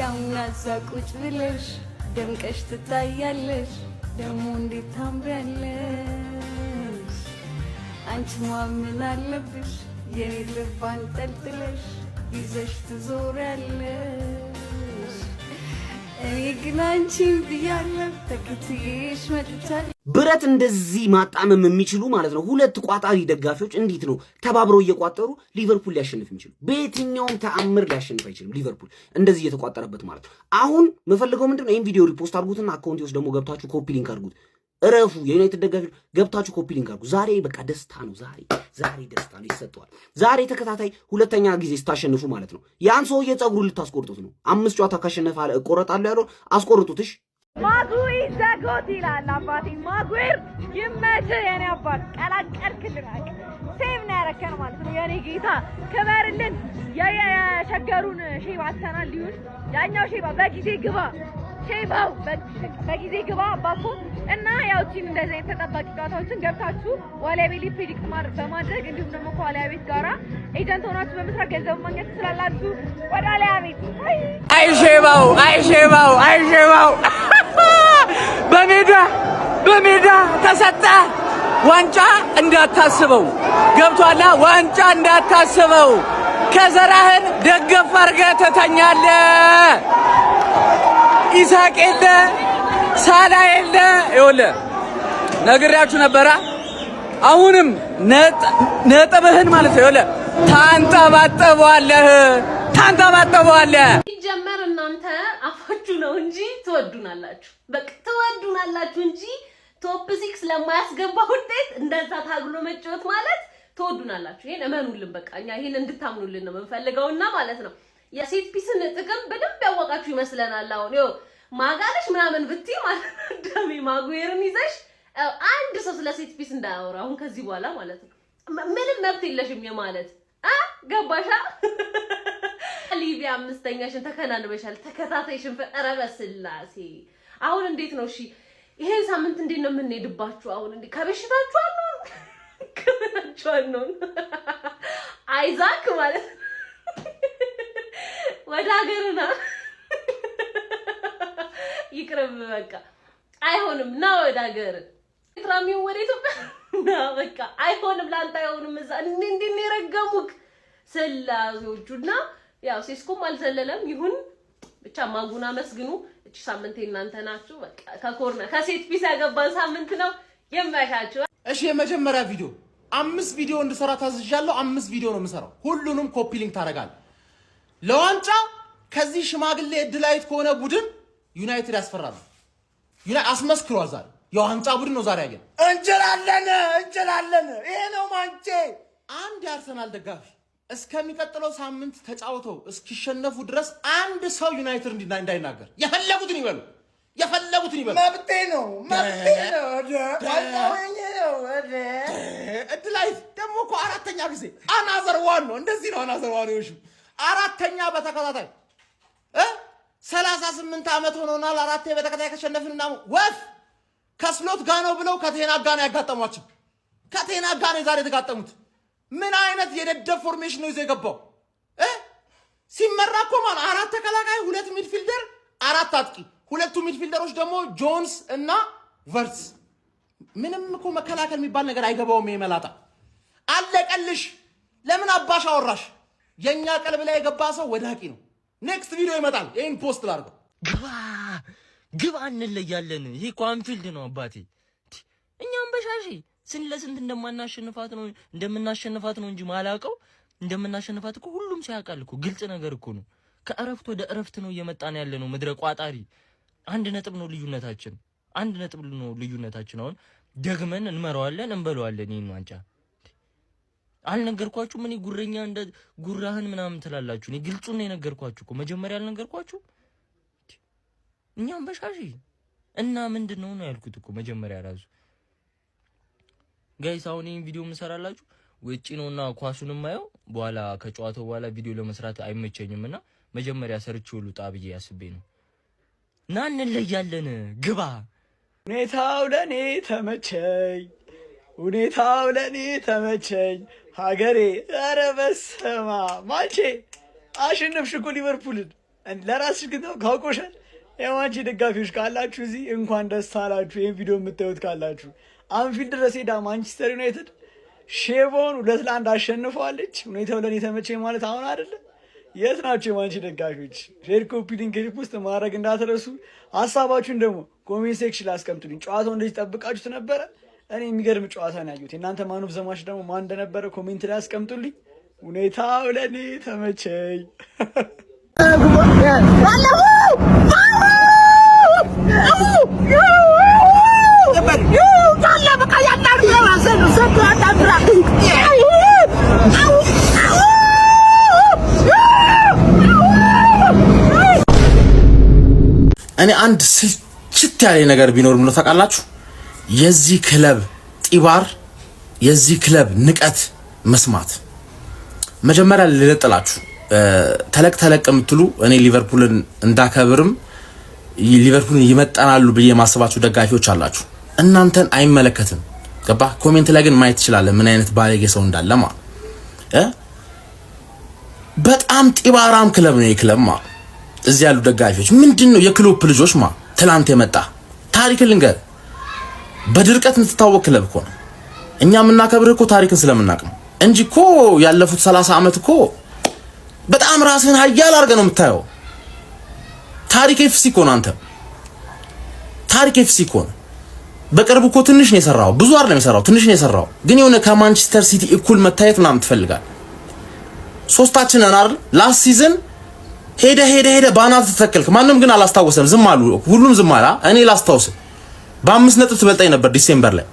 ያውና እዛ ቁጭ ብለሽ ደምቀሽ ትታያለሽ። ደግሞ እንዴት ታምሪያለሽ! አንቺ ማምን አለብሽ የኔ ልብ አንጠልጥለሽ ይዘሽ ትዞሪያለሽ። እኔ ግን አንቺ ብያለሁ ብረት እንደዚህ ማጣመም የሚችሉ ማለት ነው። ሁለት ቋጣሪ ደጋፊዎች እንዴት ነው ተባብረው እየቋጠሩ ሊቨርፑል ሊያሸንፍ የሚችሉ? በየትኛውም ተአምር ሊያሸንፍ አይችልም ሊቨርፑል እንደዚህ እየተቋጠረበት ማለት ነው። አሁን መፈልገው ምንድን ነው? ይህን ቪዲዮ ሪፖስት አድርጉትና አካውንቲ ውስጥ ደግሞ ገብታችሁ ኮፒ ሊንክ አድርጉት። እረፉ የዩናይትድ ደጋፊዎች ገብታችሁ ኮፒ ሊንክ አድርጉ። ዛሬ በቃ ደስታ ነው። ዛሬ ዛሬ ደስታ ነው ይሰጠዋል። ዛሬ ተከታታይ ሁለተኛ ጊዜ ስታሸንፉ ማለት ነው ያን ሰውዬ ፀጉሩን ልታስቆርጡት ነው። አምስት ጨዋታ ካሸነፈ እቆረጣለሁ ያለው አስቆርጡትሽ ማጉ ዘጎት ይላል አባቴ። ማጉር ይመች የኔ አባት፣ ቀላቀልክ ድናቅ ሴቭ ነው ያረከን ማለት ነው። የኔ ጌታ ክበርልን። የሸገሩን ሼባ አተናል ሊሆን ያኛው ሼባ በጊዜ ግባ ሼባው በጊዜ ግባ አባኮ እና ያውቺን እንደዚህ አይነት ተጠባቂ ጨዋታዎችን ገብታችሁ ዋሊያ ቤት ላይ ፕሪዲክት በማድረግ እንዲሁም ደግሞ ከዋሊያ ቤት ጋራ ኤጀንት ሆናችሁ በመስራት ገንዘብ ማግኘት ትችላላችሁ። ወደ ዋሊያ ቤት አይ ሼባው አይ ሼባው አይ ሼባው በሜዳ ተሰጠ። ዋንጫ እንዳታስበው ገብቷላ። ዋንጫ እንዳታስበው ከዘራህን ደገፍ አርገ ተተኛለ። ኢሳቅ የለ ሳላ የለ ይወለ ነግሬያችሁ ነበራ። አሁንም ነጥብህን ማለት ነው ይወለ ታንጠባጠበዋለህ፣ ታንጠባጠበዋለህ። ጀመር እናንተ አፋችሁ ነው እንጂ ትወዱናላችሁ። በቃ ትወዱናላችሁ እንጂ ቶፕ ሲክስ ለማያስገባ ውጤት እንደዛ ታግሎ መጫወት ማለት ትወዱናላችሁ። ይሄን እመኑልን። በቃ እኛ ይሄን እንድታምኑልን ነው የምንፈልገውና ማለት ነው የሴት ፒስን ጥቅም በደንብ ያወቃችሁ ይመስለናል። አሁን ይኸው ማጋለሽ ምናምን ብትይ ማለት ነው ማጉየርን ይዘሽ አንድ ሰው ስለ ሴት ፒስ እንዳያወራ አሁን ከዚህ በኋላ ማለት ነው ምንም መብት የለሽም የማለት አ ገባሻ ሊቢያ አምስተኛሽን ተከናንበሻል። ተከታታይሽን ፈጠረ በስላሴ አሁን እንዴት ነው እሺ? ይሄን ሳምንት እንዴት ነው የምንሄድባችሁ? አሁን እንዴ ከበሽታችሁ አሉ ከበሽታችሁ አሉ አይዛክ ማለት ወደ ሀገርና ይቅርብ በቃ አይሆንም። ና ወደ ሀገር ትራሚው ወደ ኢትዮጵያ ና በቃ አይሆንም፣ ለአንተ አይሆንም። እዛ እንዴ እንዴ ነው የረገሙክ ስላዞቹና ያው ሴስኮም አልዘለለም። ይሁን ብቻ ማጉና መስግኑ እቺ ሳምንት እናንተ ናችሁ። በቃ ከኮርነር ከሴት ፒስ ያገባን ሳምንት ነው የማይታችሁ። እሺ የመጀመሪያ ቪዲዮ አምስት ቪዲዮ እንድሰራ ታዝዣለሁ። አምስት ቪዲዮ ነው የምሰራው። ሁሉንም ኮፒ ሊንክ ታደርጋለህ። ለዋንጫ ከዚህ ሽማግሌ እድላይት ከሆነ ቡድን ዩናይትድ ያስፈራሉ። ዩናይት አስመስክሯል። ዛሬ የዋንጫ ቡድን ነው ዛሬ ያየን። እንችላለን፣ እንችላለን። ይሄ ነው ማንቼ አንድ የአርሰናል ደጋፊ እስከሚቀጥለው ሳምንት ተጫውተው እስኪሸነፉ ድረስ አንድ ሰው ዩናይትድ እንዳይናገር የፈለጉትን ይበሉ፣ የፈለጉትን ይበሉ። መብቴ ነው፣ መብቴ ነው። እድላይት ደግሞ እኮ አራተኛ ጊዜ አናዘር ዋን ነው። እንደዚህ ነው አናዘር ዋን ሽ አራተኛ በተከታታይ ሰላሳ ስምንት ዓመት ሆኖናል። አራቴ በተከታታይ ከሸነፍን እና ወፍ ከስሎት ጋ ነው ብለው ከቴና ጋ ነው ያጋጠሟቸው። ከቴና ጋ ነው ዛሬ የተጋጠሙት። ምን አይነት የደደብ ፎርሜሽን ነው ይዞ የገባው? ሲመራ እኮ ማለት አራት ተከላካይ፣ ሁለት ሚድፊልደር፣ አራት አጥቂ። ሁለቱ ሚድፊልደሮች ደግሞ ጆንስ እና ቨርትስ። ምንም እኮ መከላከል የሚባል ነገር አይገባውም። የመላጣ አለቀልሽ። ለምን አባሽ አወራሽ? የእኛ ቀልብ ላይ የገባ ሰው ወዳቂ ነው። ኔክስት ቪዲዮ ይመጣል። ይህን ፖስት ላድርገው። ግባ ግባ፣ እንለያለን። ይህ እኮ ነው አባቴ። እኛም በሻሺ ስንት ለስንት እንደማናሸንፋት ነው እንደምናሸንፋት ነው እንጂ ማላውቀው እንደምናሸንፋት እኮ ሁሉም ሰው ያውቃል እኮ። ግልጽ ነገር እኮ ነው። ከእረፍት ወደ እረፍት ነው እየመጣን ያለ ነው። ምድረ ቋጣሪ አንድ ነጥብ ነው ልዩነታችን፣ አንድ ነጥብ ነው ልዩነታችን። አሁን ደግመን እንመራዋለን፣ እንበለዋለን ይህን ዋንጫ። አልነገርኳችሁም? እኔ ጉረኛ እንደ ጉራህን ምናምን ትላላችሁ። እኔ ግልጹን ነው የነገርኳችሁ እኮ መጀመሪያ አልነገርኳችሁ? እኛም በሻሽ እና ምንድን ነው ነው ያልኩት እኮ መጀመሪያ ራሱ ጋይስ አሁን ይህን ቪዲዮ የምሰራላችሁ ውጪ ነውና ኳሱን ማየው በኋላ ከጨዋታው በኋላ ቪዲዮ ለመስራት አይመቸኝም እና መጀመሪያ ሰርች ሁሉ ጣብዬ ብዬ ያስቤ ነው እና እንለያለን። ግባ ሁኔታው ለእኔ ተመቸኝ፣ ሁኔታው ለእኔ ተመቸኝ። ሀገሬ ኧረ በስመ አብ ማቼ አሸነፍሽ እኮ ሊቨርፑልን። ለራስሽ ግን ካውቆሻል። የማንቼ ደጋፊዎች ካላችሁ እዚህ እንኳን ደስ አላችሁ። ይህን ቪዲዮ የምታዩት ካላችሁ አንፊልድ ድረስ ሄዳ ማንቸስተር ዩናይትድ ሼቮን ሁለት ለአንድ አሸንፈዋለች። ሁኔታው ለእኔ ተመቼ ማለት አሁን አይደለም። የት ናቸው የማንቺ ደጋፊዎች? ሬድ ኮፒ ሊንክ ውስጥ ማድረግ እንዳትረሱ። ሀሳባችሁን ደግሞ ኮሜንት ሴክሽን ላይ አስቀምጡልኝ። ጨዋታው እንደዚህ ጠብቃችሁት ነበረ? እኔ የሚገርም ጨዋታ ነው ያየሁት። የእናንተ ማን ኦፍ ዘ ማች ደግሞ ማን እንደነበረ ኮሜንት ላይ አስቀምጡልኝ። ሁኔታው ለእኔ ተመቸኝ። እኔ አንድ ስልችት ያለ ነገር ቢኖር ምነው ታውቃላችሁ? የዚህ ክለብ ጢባር፣ የዚህ ክለብ ንቀት መስማት። መጀመሪያ ልለጥላችሁ ተለቅ ተለቅ የምትሉ እኔ ሊቨርፑልን እንዳከብርም ሊቨርፑልን ይመጠናሉ ብዬ የማስባችሁ ደጋፊዎች አላችሁ። እናንተን አይመለከትም። ገባ? ኮሜንት ላይ ግን ማየት ትችላለን፣ ምን አይነት ባለጌ ሰው እንዳለማ። በጣም ጢባራም ክለብ ነው የክለብ ማ እዚህ ያሉ ደጋፊዎች ምንድን ነው የክሎፕ ልጆች ማ ትላንት የመጣ ታሪክ ልንገር። በድርቀት የምትታወቅ ክለብ እኮ ነው። እኛ የምናከብርህ እኮ ታሪክን ስለምናቅ ነው እንጂ እኮ ያለፉት 30 ዓመት እኮ በጣም ራስህን ሀያል አድርገህ ነው የምታየው። ታሪክ ኤፍሲ እኮ ነው። አንተ ታሪክ ኤፍሲ እኮ ነው። በቅርቡ እኮ ትንሽ ነው የሰራው፣ ብዙ አይደለም የሰራው፣ ትንሽ ነው የሰራው። ግን የሆነ ከማንቸስተር ሲቲ እኩል መታየት ምናምን ትፈልጋል። ሶስታችንን አይደል ላስት ሲዝን ሄደ ሄደ ሄደ ባና ተተከልክ። ማንም ግን አላስታወሰም። ዝም አሉ። ሁሉም ዝም አላ። እኔ ላስታውስ። በአምስት ነጥብ ትበልጣኝ ነበር ዲሴምበር ላይ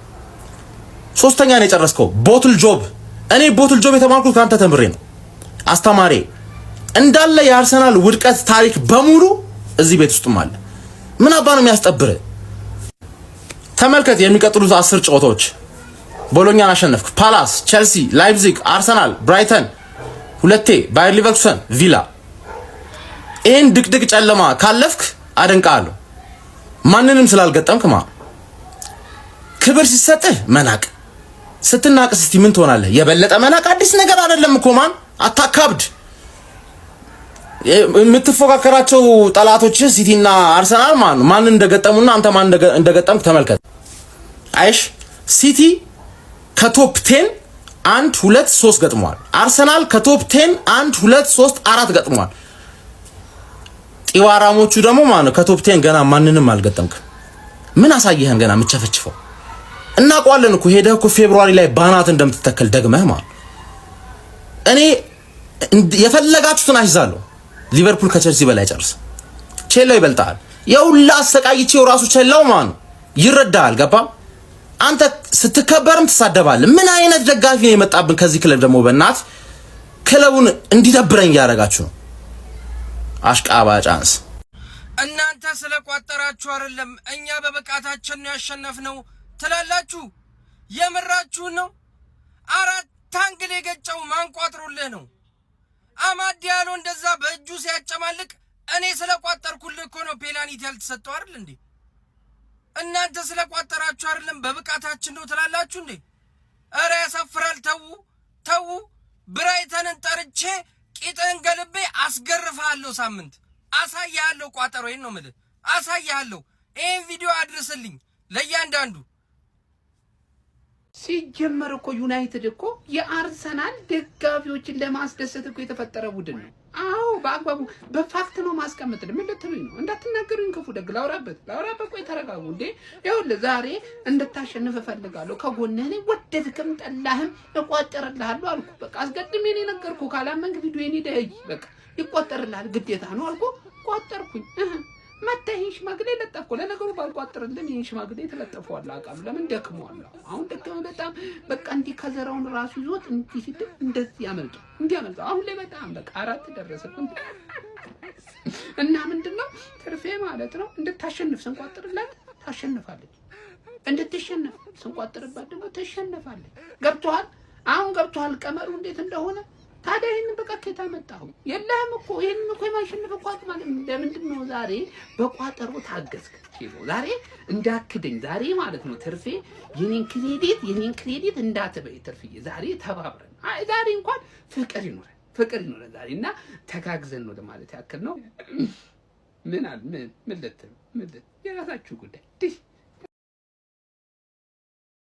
ሶስተኛ ነው የጨረስከው። ቦትል ጆብ እኔ ቦትል ጆብ የተማርኩት ከአንተ ተምሬ ነው። አስተማሪ እንዳለ የአርሰናል ውድቀት ታሪክ በሙሉ እዚህ ቤት ውስጥም አለ። ምን አባ ነው የሚያስጠብር? ተመልከት የሚቀጥሉት አስር ጨዋታዎች ቦሎኛን አሸነፍክ፣ ፓላስ፣ ቼልሲ፣ ላይፕዚግ፣ አርሰናል፣ ብራይተን ሁለቴ፣ ባየር ሊቨርኩሰን፣ ቪላ ይህን ድቅድቅ ጨለማ ካለፍክ አደንቃለሁ። ማንንም ስላልገጠምክ ማ ክብር ሲሰጥህ መናቅ ስትናቅ እስቲ ምን ትሆናለህ? የበለጠ መናቅ አዲስ ነገር አይደለም እኮ ማን አታካብድ። የምትፎካከራቸው ጠላቶች ሲቲና አርሰናል ማን ማን እንደገጠሙና አንተ ማን እንደገጠምክ ተመልከት። አይሽ ሲቲ ከቶፕ ቴን አንድ ሁለት ሶስት ገጥሟል። አርሰናል ከቶፕ ቴን አንድ ሁለት ሶስት አራት ገጥሟል። ጢዋራሞቹ ደግሞ ማለት ከቶፕቴን ገና ማንንም አልገጠምክም። ምን አሳየህን? ገና የምትቸፈችፈው እናውቀዋለን እኮ ሄደህ እኮ ፌብሩዋሪ ላይ ባናት እንደምትተከል ደግመህ ማለት እኔ የፈለጋችሁትን አሽዛለሁ። ሊቨርፑል ከቸልሲ በላይ ጨርስ። ቼላው ይበልጣል። የሁላ አሰቃይቼው ራሱ ቼላው ማን ይረዳል ገባ? አንተ ስትከበርም ትሳደባለህ። ምን አይነት ደጋፊ ነው የመጣብን ከዚህ ክለብ ደግሞ በእናት ክለቡን እንዲደብረኝ እያደረጋችሁ ነው። አሽቃባጭ አንስ እናንተ ስለቋጠራችሁ አይደለም፣ እኛ በብቃታችን ነው ያሸነፍነው ትላላችሁ። የምራችሁን ነው? አራት አንግል የገጨው ማንቋጥሮልህ ነው። አማድ ያለው እንደዛ በእጁ ሲያጨማልቅ እኔ ስለቋጠርኩልህ እኮ ነው ፔናልቲ ያልተሰጠው አይደል እንዴ? እናንተ ስለቋጠራችሁ አይደለም፣ በብቃታችን ነው ትላላችሁ እንዴ? እረ ያሳፍራል። ተዉ ተዉ። ብራይተንን ጠርቼ ቂጥህን ገልቤ አስገርፍሃለሁ። ሳምንት አሳያለሁ። ቋጠሮ ይሄን ነው የምልህ፣ አሳያለሁ። ይህን ቪዲዮ አድርስልኝ ለእያንዳንዱ። ሲጀመር እኮ ዩናይትድ እኮ የአርሰናል ደጋፊዎችን ለማስደሰት እኮ የተፈጠረ ቡድን ነው። አዎ በአግባቡ በፋክት ነው ማስቀመጥ። ምን ልትሉኝ ነው? እንዳትናገሩኝ ክፉ ደግ ላውራበት ላውራበት። ቆይ ተረጋጉ እንዴ። ይኸውልህ ዛሬ እንድታሸንፍ እፈልጋለሁ። ከጎንህ ነኝ፣ ወደድክም ጠላህም እቆጥርልሃለሁ አልኩ። በቃ አስቀድሜ ነው ነገርኩ። ካላመንክ ቪዲዮ ኔ ደይ በቃ ይቆጠርልሃል፣ ግዴታ ነው አልኩ። ቆጠርኩኝ መተህ ይህን ሽማግሌ ለጠፍኩ። ለነገሩ ባልቋጥርልም ይህን ሽማግሌ ተለጠፈዋል። አውቃለሁ ለምን ደክመዋል። አሁን ደክመ በጣም በቃ እንዲህ ከዘራውን ራሱ ይዞት እንዲህ ሲድ እንደዚህ ያመልጡ እንዲህ ያመልጡ። አሁን ላይ በጣም በቃ አራት ደረሰብን እና ምንድን ነው ትርፌ ማለት ነው እንድታሸንፍ ስንቋጥርላት ታሸንፋለች፣ እንድትሸነፍ ስንቋጥርባት ደግሞ ትሸነፋለች። ገብቶሃል? አሁን ገብቶሃል ቀመሩ እንዴት እንደሆነ ታዲያ ይህን በቃ ከየት አመጣኸው? የለህም እኮ ይህን እኮ የማሸንፍ እኮ አቅም ለምንድን ነው ዛሬ በቋጠሮ ታገዝክ? ዛሬ እንዳክደኝ ዛሬ ማለት ነው ትርፌ የኔን ክሬዲት የኔን ክሬዲት እንዳትበይ ትርፍዬ። ዛሬ ተባብረን ዛሬ እንኳን ፍቅር ይኖረ ፍቅር ይኖረ ዛሬ እና ተጋግዘን ነው ለማለት ያክል ነው። ምን አለ ምን ምልት ምልት የራሳችሁ ጉዳይ